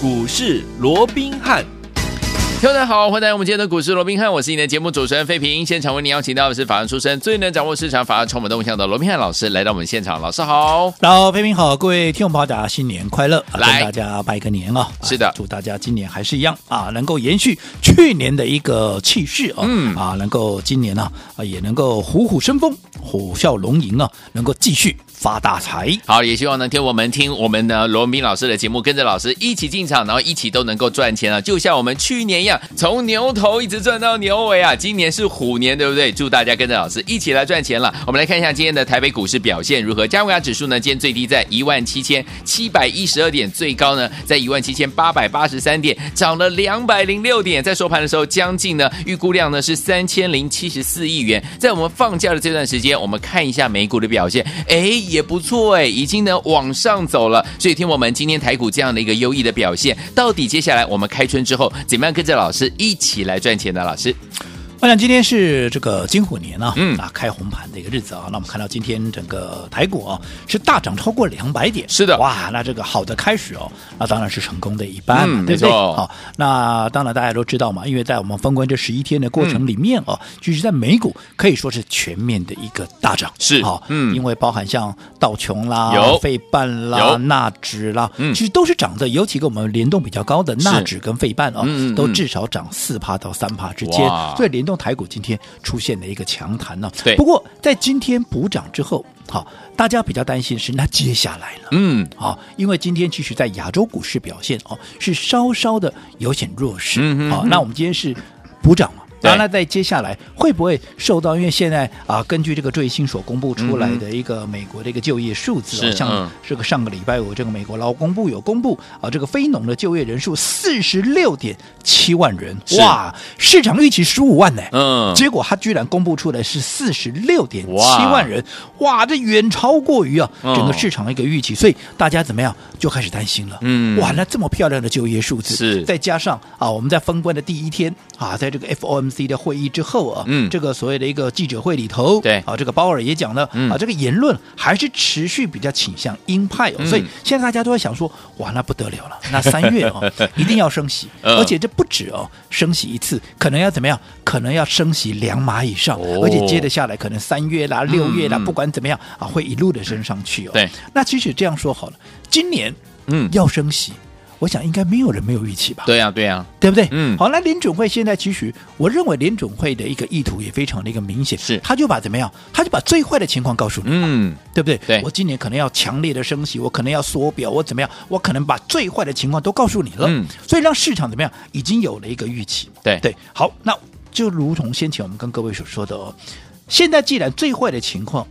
股市羅賓漢，大家好，歡迎來到我們今天的股市羅賓漢，我是你的節目主持人費平。現場為你邀請到的是法案出身、最能掌握市場、法案充滿動向的羅賓漢老師，來到我們現場。老師好，老費平好，各位聽眾朋友大家新年快樂，來祝大家拜個年啊、哦！是的，祝大家今年還是一樣啊，能夠延續去年的一個氣勢、哦、嗯啊，能夠今年呢啊也能夠虎虎生風、虎嘯龍吟啊，能夠繼續。發大財，好，也希望呢，聽我們聽我們呢羅文彬老師的節目，跟着老師一起進場，然後一起都能夠賺錢了，就像我們去年一樣，從牛頭一直賺到牛尾啊！今年是虎年，對不對？祝大家跟着老師一起來賺錢了。我們來看一下今天的台北股市表現如何？加權指數呢？今天最低在一萬七千七百一十二點，最高呢在一萬七千八百八十三點，漲了兩百零六點，在收盤的時候將近呢預估量呢是三千零七十四億元。在我們放假的這段時間，我們看一下美股的表現，誒、欸。也不錯哎，已經能往上走了。所以，聽我們今天台股這樣的一個優異的表現，到底接下來我們開春之後怎麼樣跟着老師一起來賺錢呢？老師。我想今天是這個金虎年啊，嗯啊，開紅盤的一個日子啊。那我們看到今天整個台股啊是大漲超過兩百點，是的，哇，那這個好的開始哦，那當然是成功的一半，對不對？好，那當然大家都知道嘛，因為在我們封關這十一天的過程裡面哦，就是在美股可以說是全面的一個大漲，是嗯，因為包含像道瓊啦、費半啦、納指啦，其實都是漲的，尤其跟我們聯動比較高的納指跟費半啊，都至少漲四趴到三趴之間，所以連。台股今天出現了一個強彈呢、哦，對。不過在今天補漲之後，好，大家比較擔心是那接下來了，嗯，好，因為今天其實，在亞洲股市表現哦，是稍稍的有顯弱勢，嗯好、哦，那我們今天是補漲嘛？然後呢，啊、在接下來會不會受到？因為現在啊，根據這個最新所公布出來的一個美國的一個就業數字，啊、嗯，像是個上個禮拜五這個美國勞工部有公布啊，這個非農的就業人數四十六點七萬人，是哇，市場預期十五萬呢、哎，嗯，結果它居然公布出來是四十六點七萬人，哇，哇，這遠超過於啊、嗯、整個市場的一個預期，所以大家怎麼樣就開始擔心了，嗯，哇，那這麼漂亮的就業數字是，再加上啊，我們在封關的第一天啊，在這個 FOM。C 的會議之後啊，這個所謂的一個記者會裡頭，對啊，這個鮑爾也講了啊，這個言論還是持續比較傾向鷹派哦，所以現在大家都在想說，哇，那不得了了，那三月啊一定要升息，而且這不止哦，升息一次，可能要怎麼樣？可能要升息兩碼以上，而且接着下來可能三月啦、六月啦，不管怎麼樣啊，會一路的升上去哦。那即使這樣說好了，今年嗯要升息。我想應該沒有人沒有預期吧？對呀、啊，對呀、啊，對不對？嗯，好，那聯準會現在其實，我認為聯準會的一個意圖也非常的一個明顯，是他就把怎麼樣，他就把最壞的情況告訴你了，嗯，對不對？對，我今年可能要強烈的升息，我可能要縮表，我怎麼樣？我可能把最壞的情況都告訴你了，嗯、所以讓市場怎麼樣，已經有了一個預期。對對，對好，那就如同先前我們跟各位所說的哦，現在既然最壞的情況。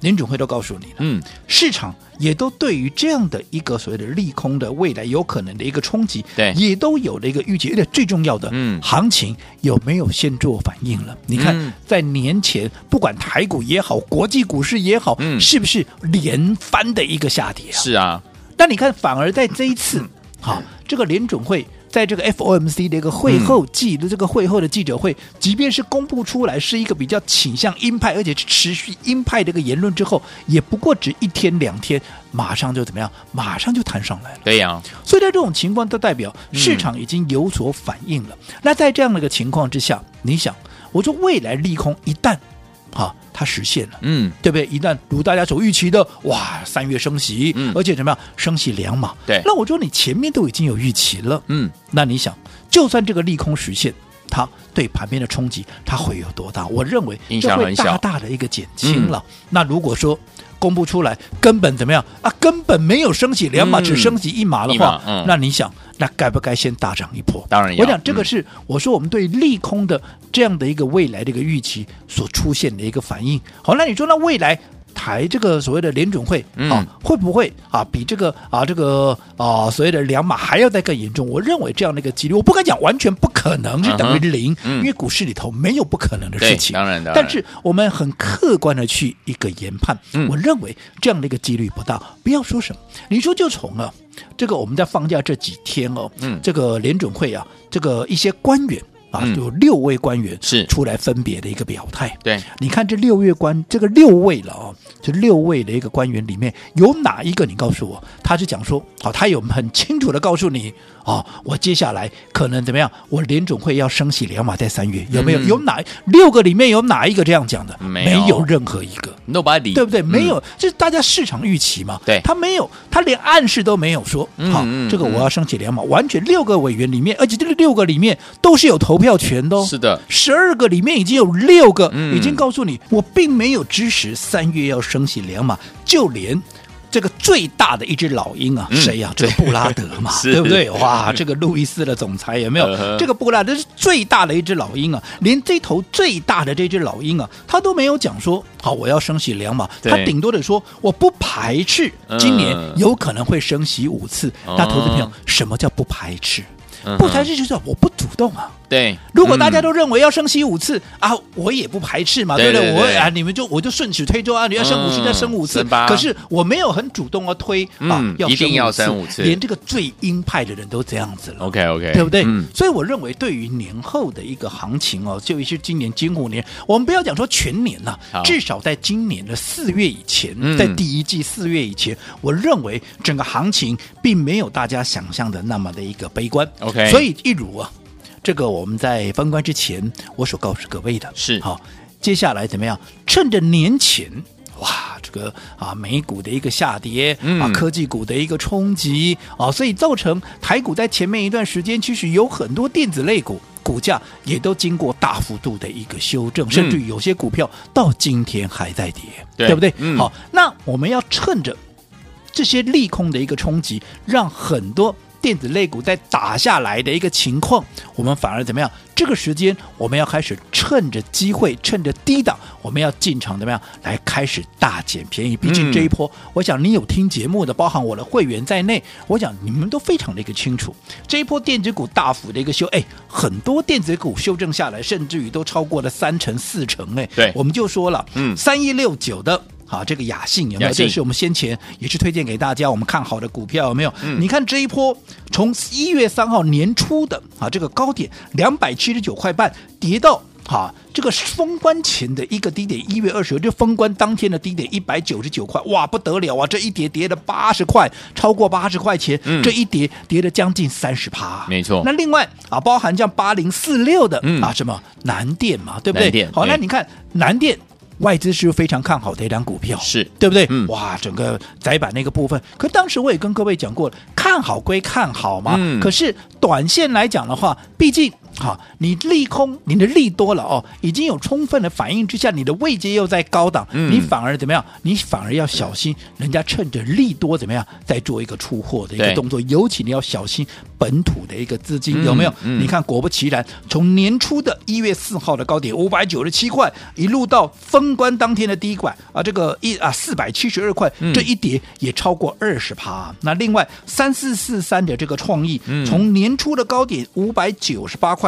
聯準會都告訴你了，嗯、市場也都對於這樣的一個所謂的利空的未來有可能的一個衝擊，對也都有了一個預期。而且最重要的，行情，嗯，有沒有先做反應了？你看，嗯、在年前，不管台股也好，國際股市也好，嗯、是不是連番的一個下跌啊？是啊，但你看，反而在這一次，好，這個聯準會。在這個 FOMC 的一個會後記的這個會後的記者會，嗯、即便是公布出來是一個比較傾向鷹派，而且是持續鷹派的一個言論之後，也不過只一天兩天，馬上就怎麼樣？馬上就彈上來了。對呀、啊，所以在這種情況都代表，市場已經有所反應了。嗯、那在這樣的一個情況之下，你想，我說未來利空一旦。啊，它實現了，嗯，對不對？一旦如大家所預期的，哇，三月升息，嗯，而且怎麼樣，升息兩碼，對，那我覺得你前面都已經有預期了，嗯，那你想，就算這個利空實現，它對盤面的衝擊，它會有多大？我認為影響很小，大大的一個減輕了。那如果說公布出來，根本怎麼樣啊，根本沒有升息兩碼，嗯、只升息一碼的話，嗯、那你想？那該不該先大漲一波？當然要，我想這個是，我說我們對利空的這樣的一個未來的一個預期所出現的一個反應。好，那你說那未來？台這個所謂的聯準會啊，嗯、會不會啊比這個啊這個啊所謂的兩碼還要再更嚴重？我認為這樣的一個幾率，我不敢講完全不可能是等於零，因為股市裡頭沒有不可能的事情。當然的，但是我們很客觀的去一個研判，我認為這樣的一個幾率不大。不要說什麼，你說就從了、啊。這個我們在放假這幾天哦，這個聯準會啊，這個一些官員。啊，就有六位官員是出來分別的一個表態、嗯。對，你看這六月官，這個六位了啊、哦，這六位的一個官員裡面，有哪一個你告訴我，他是講說，好、哦，他有很清楚的告訴你，啊、哦，我接下來可能怎麼樣？我聯準會要升息兩碼在三月，有沒有？嗯、有哪六個裡面有哪一個這樣講的？沒有，沒有任何一個，Nobody，對不對？嗯、沒有，就是大家市場預期嘛。對，他沒有，他連暗示都沒有說，好，這個我要升息兩碼，嗯、完全六個委員裡面，而且這個六個裡面都是有投。票權都是的，十二個裡面已經有六個已經告訴你，我並沒有支持三月要升息兩碼，就連這個最大的一只老鷹啊，誰呀、啊？這個布拉德嘛，對不對？哇，這個路易斯的總裁也沒有？這個布拉德是最大的一只老鷹啊，連這頭最大的這只老鷹啊，他都沒有講說，好，我要升息兩碼，他頂多的說我不排斥今年有可能會升息五次。那投資朋友，什麼叫不排斥？不排斥就是我不主動啊。對，如果大家都認為要升息五次啊，我也不排斥嘛。對不對？我啊，你們就我就順勢推舟啊，你要升五次再升五次。可是我沒有很主動的推啊，要一定要升五次，連這個最鷹派的人都這樣子了。OK OK，對不對？所以我認為對於年後的一個行情哦，就一些今年今虎年，我們不要講說全年了，至少在今年的四月以前，在第一季四月以前，我認為整個行情並沒有大家想象的那麼的一個悲觀。OK。所以，一如啊，這個我們在封關之前，我所告訴各位的，是好、哦，接下來怎麼樣？趁着年前，哇，這個啊，美股的一個下跌，嗯、啊，科技股的一個衝擊啊、哦，所以造成台股在前面一段時間，其實有很多電子類股股價也都經過大幅度的一個修正，嗯、甚至有些股票到今天還在跌，對，對不對？好、嗯哦，那我們要趁着這些利空的一個衝擊，讓很多。電子類股在打下來的一個情況，我們反而怎麼樣？這個時間我們要開始趁着機會，趁着低檔，我們要進場怎麼樣來開始大撿便宜？畢竟這一波，嗯、我想你有聽節目的，包含我的會員在內，我想你們都非常的一個清楚，這一波電子股大幅的一個修，哎，很多電子股修正下來，甚至於都超過了三成、四成誒，哎，對，我們就說了，嗯，三一六九的。啊，這個亞信有沒有？信這是我們先前也是推薦給大家我們看好的股票有沒有？嗯、你看這一波從一月三號年初的啊這個高點兩百七十九塊半跌到啊這個封關前的一個低點一月二十日就封關當天的低點一百九十九塊，哇不得了啊！這一跌跌了八十塊，超過八十塊錢，這一跌跌了將近三十%。沒錯、嗯。那另外啊，包含像八零四六的、嗯、啊什麼南電嘛，對不對？電好，那你看、欸、南電。外資是非常看好的一檔股票，是對不對？嗯、哇，整個載板那個部分，可當時我也跟各位講過，看好歸看好嘛，嗯、可是短線來講的話，畢竟。好，你利空，你的利多了哦，已經有充分的反應之下，你的位階又在高檔，嗯、你反而怎麼樣？你反而要小心，人家趁着利多怎麼樣，在做一個出貨的一個動作。對尤其你要小心本土的一個資金、嗯、有沒有？你看，果不其然，嗯、從年初的一月四號的高點五百九十七塊，一路到封關當天的低點啊，這個一啊四百七十二塊，這一跌也超過二十趴。啊嗯、那另外三四四三的這個創意，從年初的高點五百九十八塊。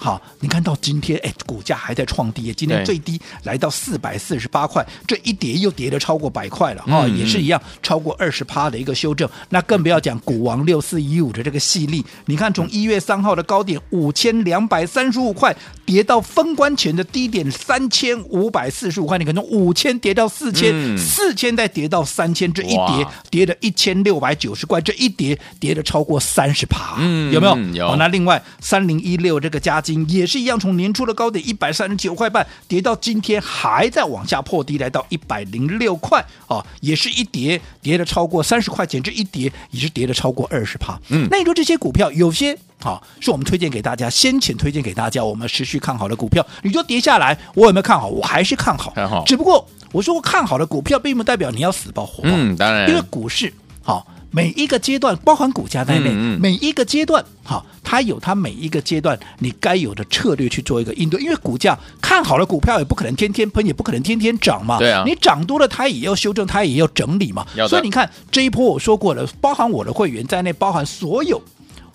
好，你看到今天哎，股價還在創低，今天最低來到四百四十八塊，對這一跌又跌得超過百塊了啊！嗯嗯也是一樣，超過二十趴的一個修正。那更不要講股王六四一五的這個系列，你看從一月三號的高點五千兩百三十五塊，跌到封關前的低點三千五百四十五塊，你可能五千跌到四千，嗯，四千再跌到三千，這一跌跌了一千六百九十塊，這一跌跌了超過三十趴，嗯、有沒有？有。那另外三零一六這個家。也是一樣，從年初的高點一百三十九塊半跌到今天，還在往下破低，來到一百零六塊啊，也是一跌，跌了超過三十塊錢，這一跌，也是跌了超過二十%。嗯，那你說這些股票有些好、啊，是我們推薦給大家，先前推薦給大家，我們持續看好的股票，你說跌下來，我有沒有看好？我還是看好，看好。只不過我說我看好的股票，並不代表你要死抱活抱。嗯，當然，因為股市好。啊每一個階段，包含股價在內，嗯嗯每一個階段，哈，它有它每一個階段你該有的策略去做一個應對。因為股價看好了，股票也不可能天天噴，也不可能天天漲嘛。對啊、你漲多了，它也要修正，它也要整理嘛。要的。所以你看這一波我說過了，包含我的會員在內，包含所有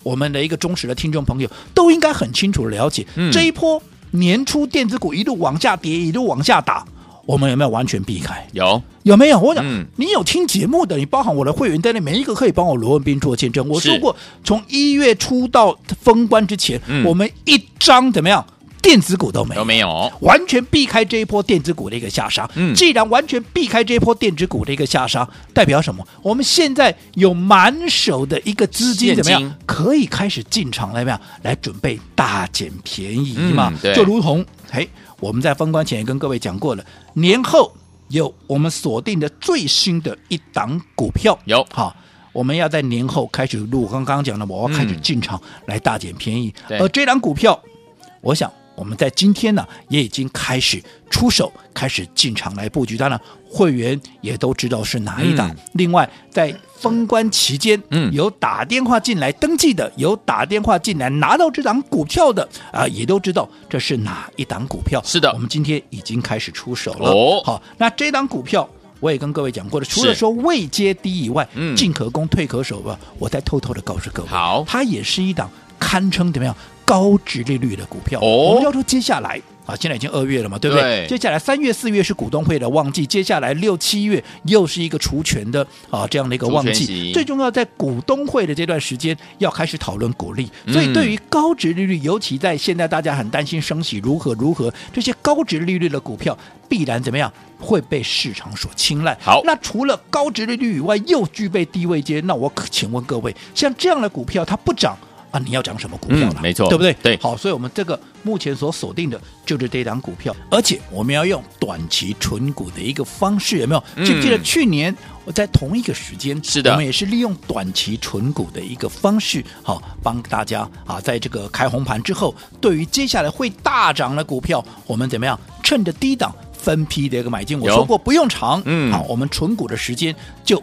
我們的一個忠實的聽眾朋友，都應該很清楚的了解、嗯、這一波年初電子股一路往下跌，一路往下打。我們有沒有完全避開？有，有沒有？我想、嗯、你有聽節目的，你包含我的會員在內，每一個可以幫我羅文彬做見證。我說過，是 從一月初到封關之前，嗯、我們一張怎麼樣？電子股都沒有，都沒有，完全避開這一波電子股的一個下殺。嗯、既然完全避開這一波電子股的一個下殺，代表什麼？我們現在有滿手的一個資金，怎麼樣？金可以開始進場來，沒有？來準備大撿便宜嘛、嗯？就如同，對哎、我們在封關前也跟各位講過了，年後有我們鎖定的最新的一檔股票，有哈，我們要在年後開始錄，剛剛講的，我要開始進場來大撿便宜。嗯、而這檔股票，對我想。我們在今天呢，也已經開始出手，開始進場來布局。當然，會員也都知道是哪一檔。嗯、另外，在封關期間，嗯，有打電話進來登記的，嗯、有打電話進來拿到這檔股票的啊、呃，也都知道這是哪一檔股票。是的，我們今天已經開始出手了。哦，好，那這檔股票我也跟各位講過了，是除了說位階低以外，嗯、進可攻，退可守吧。我再偷偷的告訴各位，好，它也是一檔堪稱怎麼樣？高殖利率的股票，哦、我們要說接下來啊，現在已經二月了嘛，對不對？對，接下來三月、四月是股東會的旺季，接下來六七月又是一個除權的啊，這樣的一個旺季。最重要在股東會的這段時間，要開始討論股利。所以對於高殖利率，嗯、尤其在現在大家很擔心升息如何如何，這些高殖利率的股票必然怎麼樣，會被市場所青睞。好，那除了高殖利率以外，又具備低位階，那我可請問各位，像這樣的股票它不漲？啊，你要講什麼股票了？嗯、沒錯，對不對？對。好，所以我們這個目前所鎖定的就是這檔股票，而且我們要用短期存股的一個方式，有沒有？記不、嗯、記得去年我在同一個時間，是的，我們也是利用短期存股的一個方式，好，幫大家啊，在這個開紅盤之後，對於接下來會大漲的股票，我們怎麼樣趁着低檔分批的一個買進？有我說過不用長，嗯，好，我們存股的時間就。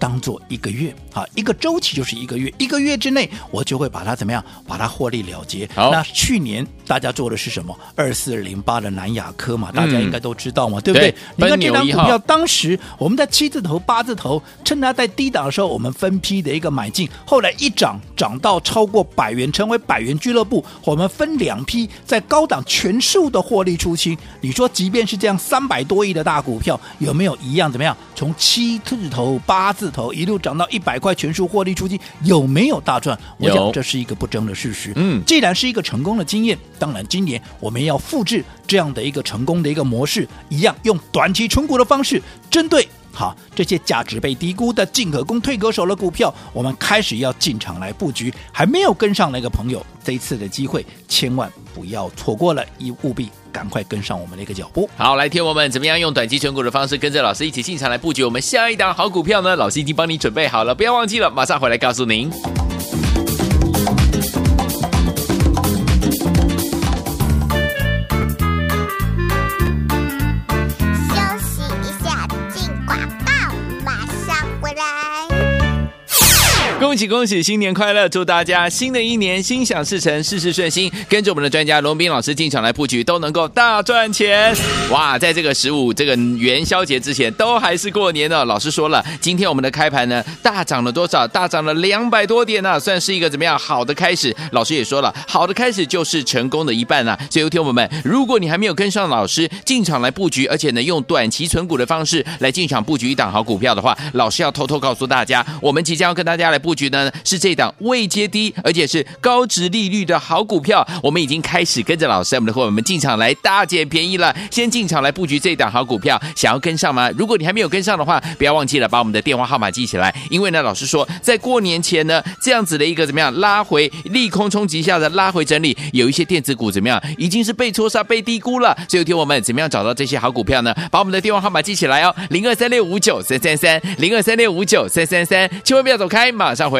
當做一個月啊，一個周期就是一個月，一個月之內我就會把它怎麼樣，把它獲利了結。好那去年大家做的是什麼？二四零八的南亞科嘛，嗯、大家應該都知道嘛，嗯、對不對？你看這張股票當時我們在七字頭、八字頭，趁它在低檔的時候，我們分批的一個買進，後來一漲漲到超過百元，成為百元俱樂部，我們分兩批在高檔全數的獲利出清。你說，即便是這樣三百多億的大股票，有沒有一樣怎麼樣？從七字頭、八字。頭一路漲到一百塊全數獲利出去。有沒有大賺？我想這是一個不爭的事實。嗯，既然是一個成功的經驗，當然今年我們要複製這樣的一個成功的一個模式，一樣用短期持股的方式，針對好這些價值被低估的進可攻退可守的股票，我們開始要進場來布局。還沒有跟上來的朋友，這一次的機會千萬不要錯過了，務必，趕快跟上我們的一個腳步。好，來，聽我們，怎麼樣用短期選股的方式跟着老師一起進場來布局我們下一檔好股票呢？老師已經幫你準備好了，不要忘記了，馬上回來告訴您。恭喜恭喜，新年快樂！祝大家新的一年心想事成，事事順心。跟着我們的專家文彬老師進場來布局，都能夠大賺錢。哇，在這個十五這個元宵節之前，都還是過年呢。老師說了，今天我們的開盤呢大漲了多少？大漲了兩百多點呢，啊，算是一個怎麼樣好的開始？老師也說了，好的開始就是成功的一半啊。所以，聽友們，們，如果你還沒有跟上老師進場來布局，而且呢用短期存股的方式來進場布局一檔好股票的話，老師要偷偷告訴大家，我們即將要跟大家來布局呢是這檔未接低，而且是高值利率的好股票。我們已經開始跟着老師我們的夥伴們進場來大撿便宜了，先進場來布局這檔好股票，想要跟上嗎？如果你還沒有跟上的話，不要忘記了把我們的電話號碼記起來。因為呢，老師說在過年前呢，這樣子的一個怎麼樣拉回利空衝擊一下的拉回整理，有一些電子股怎麼樣已經是被戳殺、被低估了。所以，聽我們怎麼樣找到這些好股票呢？把我們的電話號碼記起來哦，零二三六五九三三三，零二三六五九3三三，千萬不要走開，馬上回。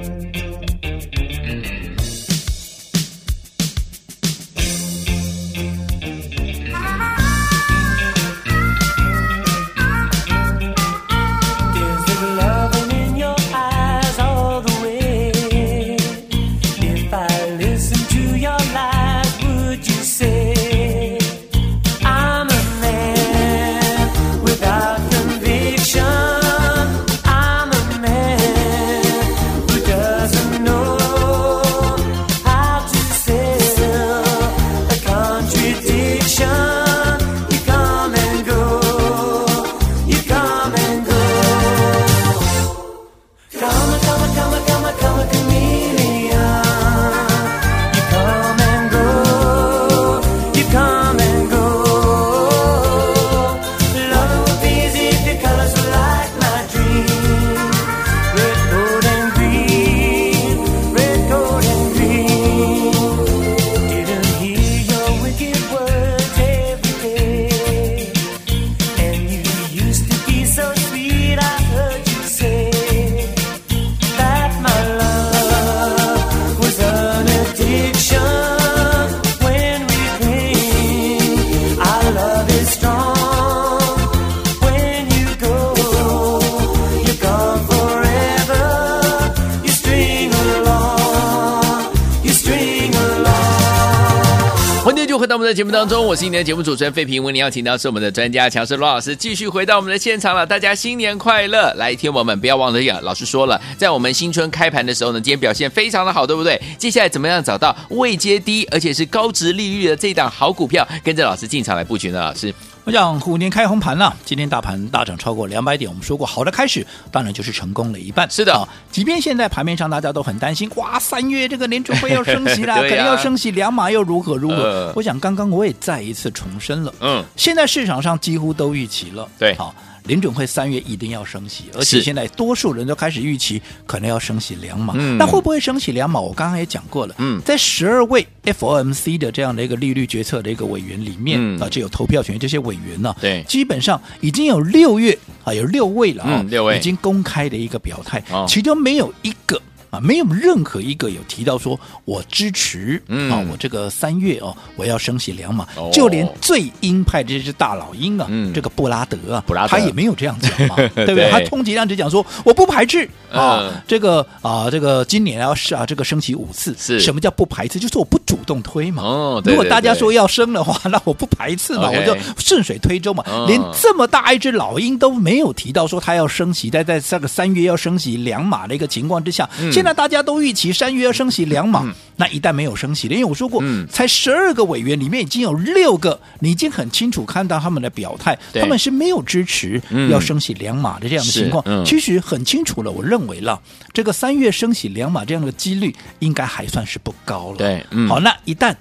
在我們的節目當中，我是今天的節目主持人費平，為您邀請到是我們的專家強生羅老師，繼續回到我們的現場了。大家新年快樂！來聽我們，不要忘了呀。老師說了，在我們新春開盤的時候呢，今天表現非常的好，對不對？接下來怎麼樣找到位階低而且是高殖利率的這檔好股票，跟着老師進場來布局呢？老師。我想，虎年開紅盤了、啊。今天大盤大漲超過兩百點，我們說過，好的開始當然就是成功了一半。是的、啊，即便現在盤面上大家都很擔心，哇，三月這個聯準會要升息了， 啊、可能要升息兩碼又如何如何？呃、我想，剛剛我也再一次重申了，嗯，現在市場上幾乎都預期了，對，好、啊。聯準會三月一定要升息，而且現在多數人都開始預期可能要升息兩碼。那、嗯、會不會升息兩碼？我剛剛也講過了，嗯、在十二位 FOMC 的這樣的一個利率決策的一個委員裡面、嗯、啊，就有投票權這些委員呢、啊。對，基本上已經有六月啊，有六位了啊，六、嗯、位已經公開的一個表態，哦、其中沒有一個。啊，沒有任何一個有提到說，我支持啊，我這個三月哦，我要升息兩碼，就連最鷹派的這隻大老鷹啊，這個布拉德啊，布拉德，他也沒有這樣講嘛，對不對？他充其量只講說，我不排斥啊，這個啊，這個今年要是啊，這個升息五次，什麼叫不排斥？就是我不主動推嘛。如果大家說要升的話，那我不排斥嘛，我就順水推舟嘛。連這麼大一隻老鷹都沒有提到說他要升息，在在這個三月要升息兩碼的一個情況之下。現在大家都預期三月要升息兩碼，嗯、那一旦沒有升息，嗯、因為我說過，嗯、才十二個委員裡面已經有六個，你已經很清楚看到他們的表態，對他們是沒有支持要升息兩碼的這樣的情況。嗯嗯、其實很清楚了，我認為了這個三月升息兩碼這樣的幾率應該還算是不高了。對，嗯、好，那一旦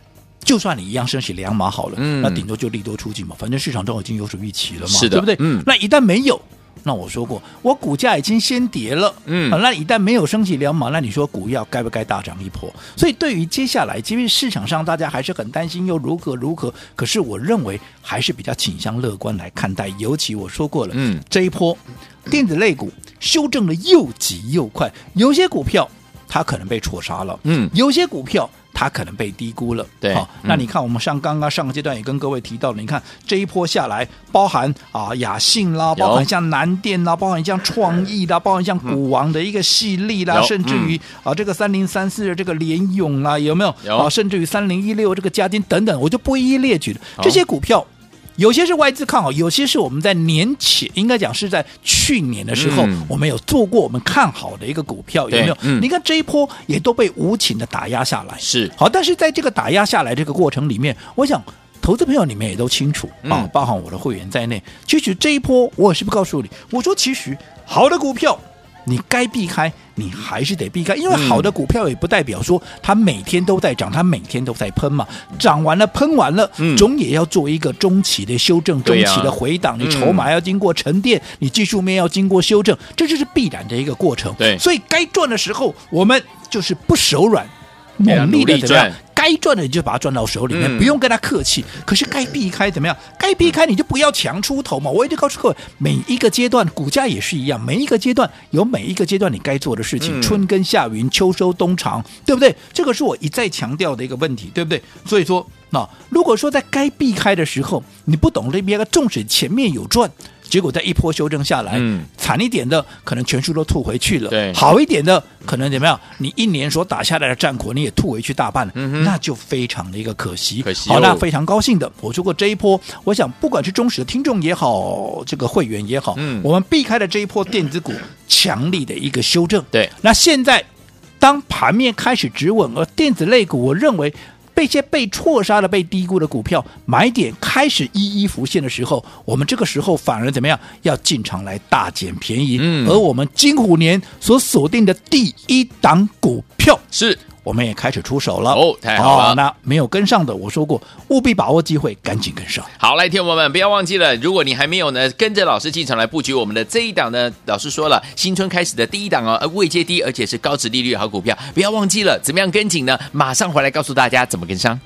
就算你一樣升息兩碼好了，嗯、那頂多就利多出盡嘛，反正市場都已經有所預期了嘛，的對不對？嗯、那一旦沒有。那我說過，我股價已經先跌了，嗯，那一旦沒有升息兩碼，那你說股票該不該大漲一波？所以對於接下來，即便市場上大家還是很擔心又如何如何，可是我認為還是比較傾向樂觀來看待。尤其我說過了，嗯，這一波電子類股修正的又急又快，有些股票它可能被錯殺了，嗯，有些股票。他可能被低估了，對、嗯哦。那你看，我們上剛剛上個階段也跟各位提到了，你看這一波下來，包含啊雅信啦，包含像南電啦，包含像創意啦，包含像股王的一個系列啦，嗯、甚至於、嗯、啊這個三零三四的這個聯詠啦，有沒有？有啊，甚至於三零一六這個嘉晶等等，我就不一一列舉了，哦、這些股票。有些是外資看好，有些是我們在年前應該講是在去年的時候，嗯、我們有做過我們看好的一個股票，對有沒有？嗯、你看這一波也都被無情的打壓下來，是好。但是在這個打壓下來這個過程裡面，我想投資朋友裡面也都清楚，啊，嗯、包含我的會員在內，其實這一波我也是不告訴你，我說其實好的股票。你該避開，你還是得避開，因為好的股票也不代表說它每天都在漲，嗯、它每天都在噴嘛。漲完了，噴完了，總、嗯、也要做一個中期的修正，啊、中期的回檔。你籌碼要經過沉澱，嗯、你技術面要經過修正，這就是必然的一個過程。對，所以該賺的時候，我們就是不手軟，努力的怎麼樣？哎該賺的你就把它賺到手裡面，嗯、不用跟他客氣。可是該避開怎麼樣？該避開你就不要強出頭嘛。我也就告訴各位，每一個階段股價也是一樣，每一個階段有每一個階段你該做的事情。春耕夏耘，秋收冬藏，對不對？這個是我一再強調的一個問題，對不對？所以說，那、呃、如果說在該避開的時候，你不懂得避開，那縱使前面有賺。結果在一波修正下來，嗯、慘一點的可能全數都吐回去了；對好一點的可能怎麼樣？你一年所打下來的戰果，你也吐回去大半，嗯、哼那就非常的一個可惜。可惜哦、好，那非常高興的，我說過這一波，我想不管是忠實的聽眾也好，這個會員也好，嗯、我們避開了這一波電子股、嗯、強力的一個修正。對，那現在當盤面開始止穩，而電子類股，我認為。那些被錯殺的、被低估的股票，買點開始一一浮現的時候，我們這個時候反而怎麼樣？要進場來大撿便宜。嗯，而我們金虎年所鎖定的第一檔股票是。我們也開始出手了哦，oh, 太好了！Oh, 那沒有跟上的，我說過務必把握機會，趕緊跟上。好嘞，聽眾們不要忘記了，如果你還沒有呢，跟着老師進場來布局我們的這一檔呢，老師說了，新春開始的第一檔哦，位階低，而且是高殖利率好股票，不要忘記了，怎麼樣跟緊呢？馬上回來告訴大家怎麼跟上。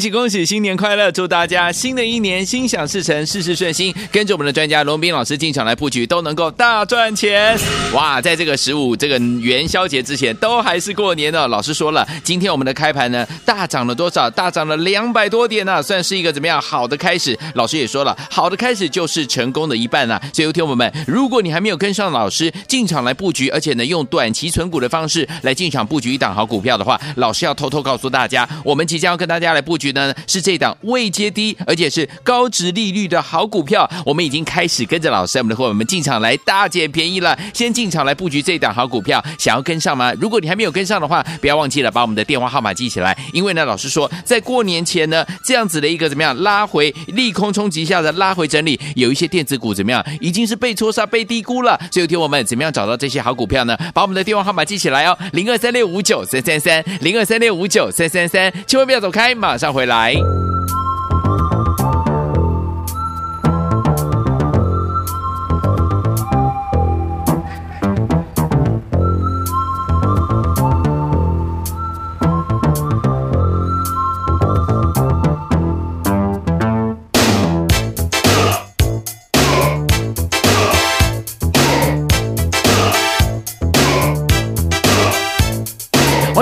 恭喜恭喜，新年快樂！祝大家新的一年心想事成，事事順心。跟着我們的專家文彬老師進場來布局，都能夠大賺錢。哇，在這個十五這個元宵節之前，都還是過年呢。老師說了，今天我們的開盤呢大漲了多少？大漲了兩百多點呢，啊，算是一個怎麼樣好的開始？老師也說了，好的開始就是成功的一半啊。所以聽友們，如果你還沒有跟上老師進場來布局，而且呢用短期存股的方式來進場布局一檔好股票的話，老師要偷偷告訴大家，我們即將要跟大家來布局。呢是這檔位階低，而且是高殖利率的好股票。我們已經開始跟着老師，我們的夥伴們進場來大撿便宜了。先進場來布局這一檔好股票，想要跟上嗎？如果你還沒有跟上的話，不要忘記了把我們的電話號碼記起來。因為呢，老師說在過年前呢，這樣子的一個怎麼樣拉回利空衝擊下的拉回整理，有一些電子股怎麼樣已經是被錯殺、被低估了。所以聽我們怎麼樣找到這些好股票呢？把我們的電話號碼記起來哦，零二三六五九三三三，零二三六五九三三三，千萬不要走開，馬上。回來。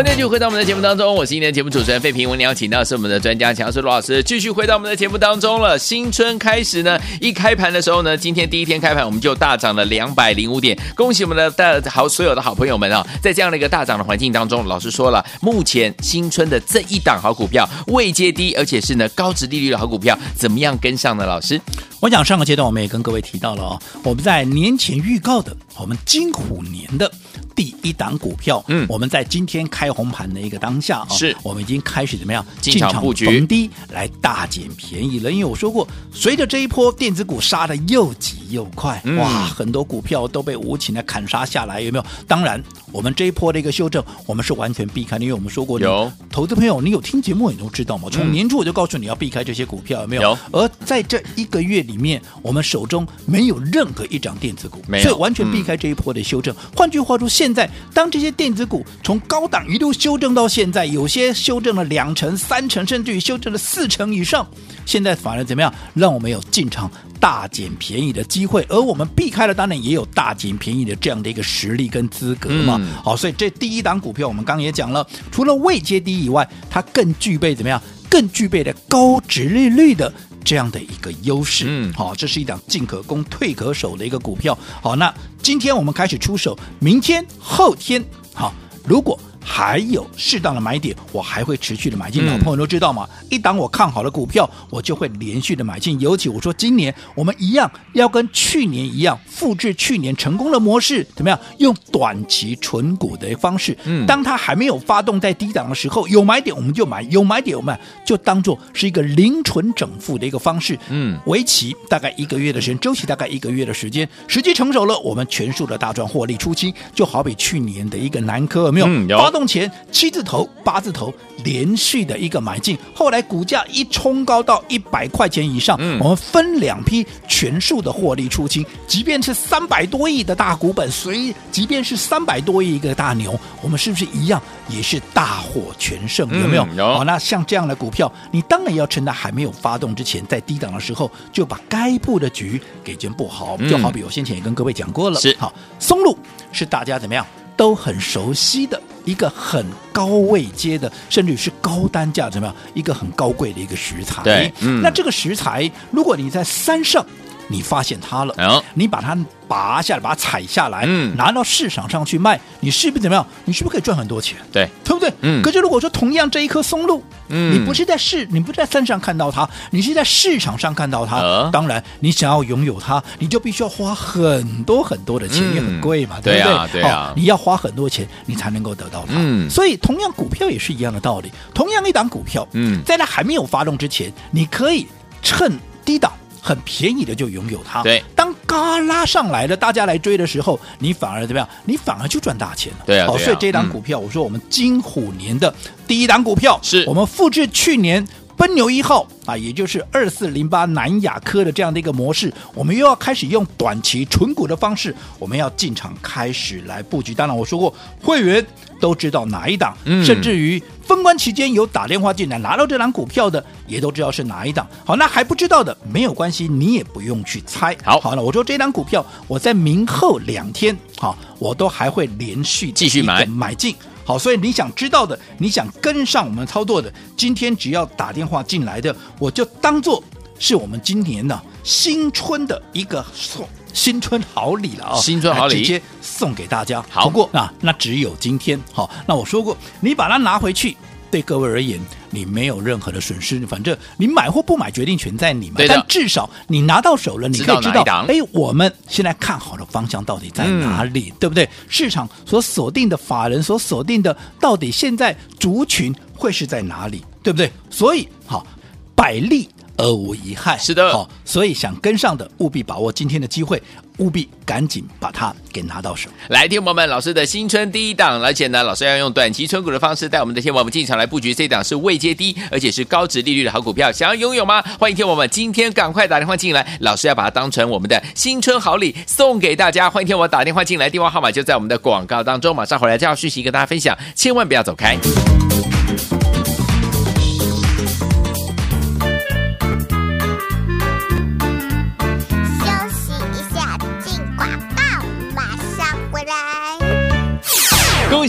歡迎繼續回到我們的節目當中，我是今天的節目主持人費平。我邀請到是我們的專家強叔羅老師，繼續回到我們的節目當中了。新春開始呢，一開盤的時候呢，今天第一天開盤我們就大漲了兩百零五點，恭喜我們的大好所有的好朋友們啊！在這樣的一個大漲的環境當中，老師說了，目前新春的這一檔好股票位階低，而且是呢高殖利率的好股票，怎麼樣跟上呢？老師，我想上個階段我們也跟各位提到了哦，我們在年前預告的。我們金虎年的第一檔股票，嗯，我們在今天開紅盤的一個當下啊，是我們已經開始怎麼樣進場布局逢低來大撿便宜了。因為我說過，隨着這一波電子股殺得又急又快，嗯、哇，很多股票都被無情的砍殺下來，有沒有？當然。我們這一波的一個修正，我們是完全避開的，因為我們說過，有投資朋友，你有聽節目，你都知道嗎？從年初我就告訴你要避開這些股票，有沒有？有，而在這一個月裡面，我們手中沒有任何一張電子股，沒有，所以完全避開這一波的修正。嗯。換句話說，現在當這些電子股從高檔一路修正到現在，有些修正了兩成、三成，甚至於修正了四成以上，現在反而怎麼樣？讓我們有進場。大撿便宜的機會，而我們避開了，當然也有大撿便宜的這樣的一個實力跟資格嘛。嗯、好，所以這第一檔股票，我們剛剛也講了，除了位階低以外，它更具備怎麼樣？更具備的高殖利率的這樣的一個優勢。嗯，好、哦，這是一檔進可攻退可守的一個股票。好，那今天我們開始出手，明天後天好、哦，如果。還有適當的買點，我還會持續的買進。嗯、老朋友都知道嘛？一檔我看好了股票，我就會連續的買進。尤其我說今年我們一樣要跟去年一樣，複製去年成功的模式，怎麼樣？用短期存股的方式。嗯，當它還沒有發動在低檔的時候，有買點我們就買，有買點我們就當做是一個零存整付的一個方式。嗯，為期大概一個月的時間，週期大概一個月的時間，時機成熟了，我們全數的大賺獲利出清，就好比去年的一個南科，沒有？嗯，有。目前七字頭、八字頭連續的一個買進，後來股價一衝高到一百塊錢以上，嗯、我們分兩批全數的獲利出清。即便是三百多億的大股本，隨即便是三百多億一個大牛，我們是不是一樣也是大獲全勝？有沒有？嗯、有。好，那像這樣的股票，你當然要趁它，還沒有發動之前，在低檔的時候就把該布的局給先布好。嗯、就好比我先前也跟各位講過了，是好松露，是大家怎麼樣？都很熟悉的一個很高位階的，甚至是高單價怎麼樣？一個很高貴的一個食材。對，嗯，那這個食材，如果你在山上。你發現它了，你把它拔下來，把它採下來，拿到市場上去賣，你是不是怎麼樣？你是不是可以賺很多錢？對，對不對？可是如果說同樣這一棵松露，你不是在市，你不在山上看到它，你是在市場上看到它。當然，你想要擁有它，你就必須要花很多很多的錢，也很貴嘛，對不對？對啊，你要花很多錢，你才能夠得到它。所以，同樣股票也是一樣的道理。同樣一檔股票，在它還沒有發動之前，你可以趁低檔。很便宜的就擁有它。對，當嘎拉上來了，大家來追的時候，你反而怎麼樣？你反而就賺大錢了。對啊，對啊，哦，所以這檔股票，嗯、我說我們金虎年的第一檔股票，是我們複製去年。奔牛一號啊，也就是二四零八南亞科的這樣的一個模式，我們又要開始用短期存股的方式，我們要進場開始來布局。當然，我說過，會員都知道哪一檔，嗯、甚至於封關期間有打電話進來拿到這檔股票的，也都知道是哪一檔。好，那還不知道的沒有關係，你也不用去猜。好，好了，我說這檔股票，我在明後兩天，好，我都還會連續繼續買買進。好，所以你想知道的，你想跟上我們操作的，今天只要打電話進來的，我就當做是我們今年的新春的一個送新春好禮了啊、哦，新春好禮直接送給大家，好，不過啊，那只有今天，好，那我說過，你把它拿回去，對各位而言。你沒有任何的損失，反正你買或不買決定權在你嘛。對的。但至少你拿到手了，你可以知道，知道誒，我們現在看好的方向到底在哪裡，嗯、對不對？市場所鎖定的，法人所鎖定的，到底現在族群會是在哪裡，對不對？所以，好，百利。而無遺憾，是的。好，所以想跟上的務必把握今天的機會，務必趕緊把它給拿到手。來，聽我們，老師的新春第一檔，而且呢，老師要用短期存股的方式帶我們的天眾們進場來布局。這檔是位階低，而且是高殖利率的好股票，想要擁有嗎？歡迎聽我們今天趕快打電話進來，老師要把它當成我們的新春好禮送給大家。歡迎聽我打電話進來，電話號碼就在我們的廣告當中。馬上回來就要訊息跟大家分享，千萬不要走開。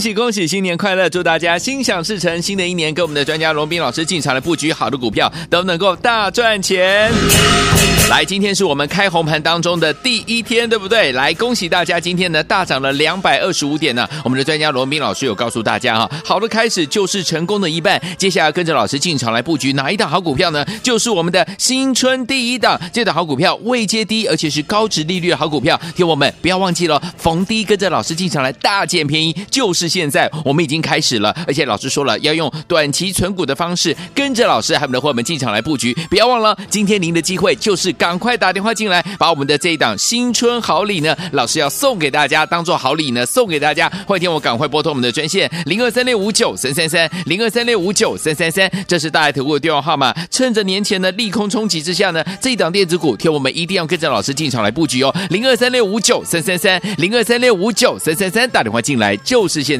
恭喜恭喜，新年快樂！祝大家心想事成。新的一年，跟我們的專家羅斌老師進場來布局好的股票，都能夠大賺錢。來，今天是我們開紅盤當中的第一天，對不對？來，恭喜大家，今天呢大漲了兩百二十五點呢、啊。我們的專家羅斌老師有告訴大家啊，好的開始就是成功的一半。接下來跟着老師進場來布局哪一檔好股票呢？就是我們的新春第一檔，這檔好股票未接低，而且是高殖利率的好股票。給我們不要忘記了，逢低跟着老師進場來大撿便宜，就是。現在我們已經開始了，而且老師說了要用短期存股的方式跟着老師還能和我們進場來布局。不要忘了，今天您的機會就是趕快打電話進來，把我們的這一檔新春好禮呢，老師要送給大家，當做好禮呢送給大家。歡迎天我趕快撥通我們的專線零二三六五九三三三零二三六五九三三三，3, 3, 這是大愛投顧的電話號碼。趁着年前的利空衝擊之下呢，這一檔電子股天我們一定要跟着老師進場來布局哦。零二三六五九三三三零二三六五九三三三打電話進來就是現。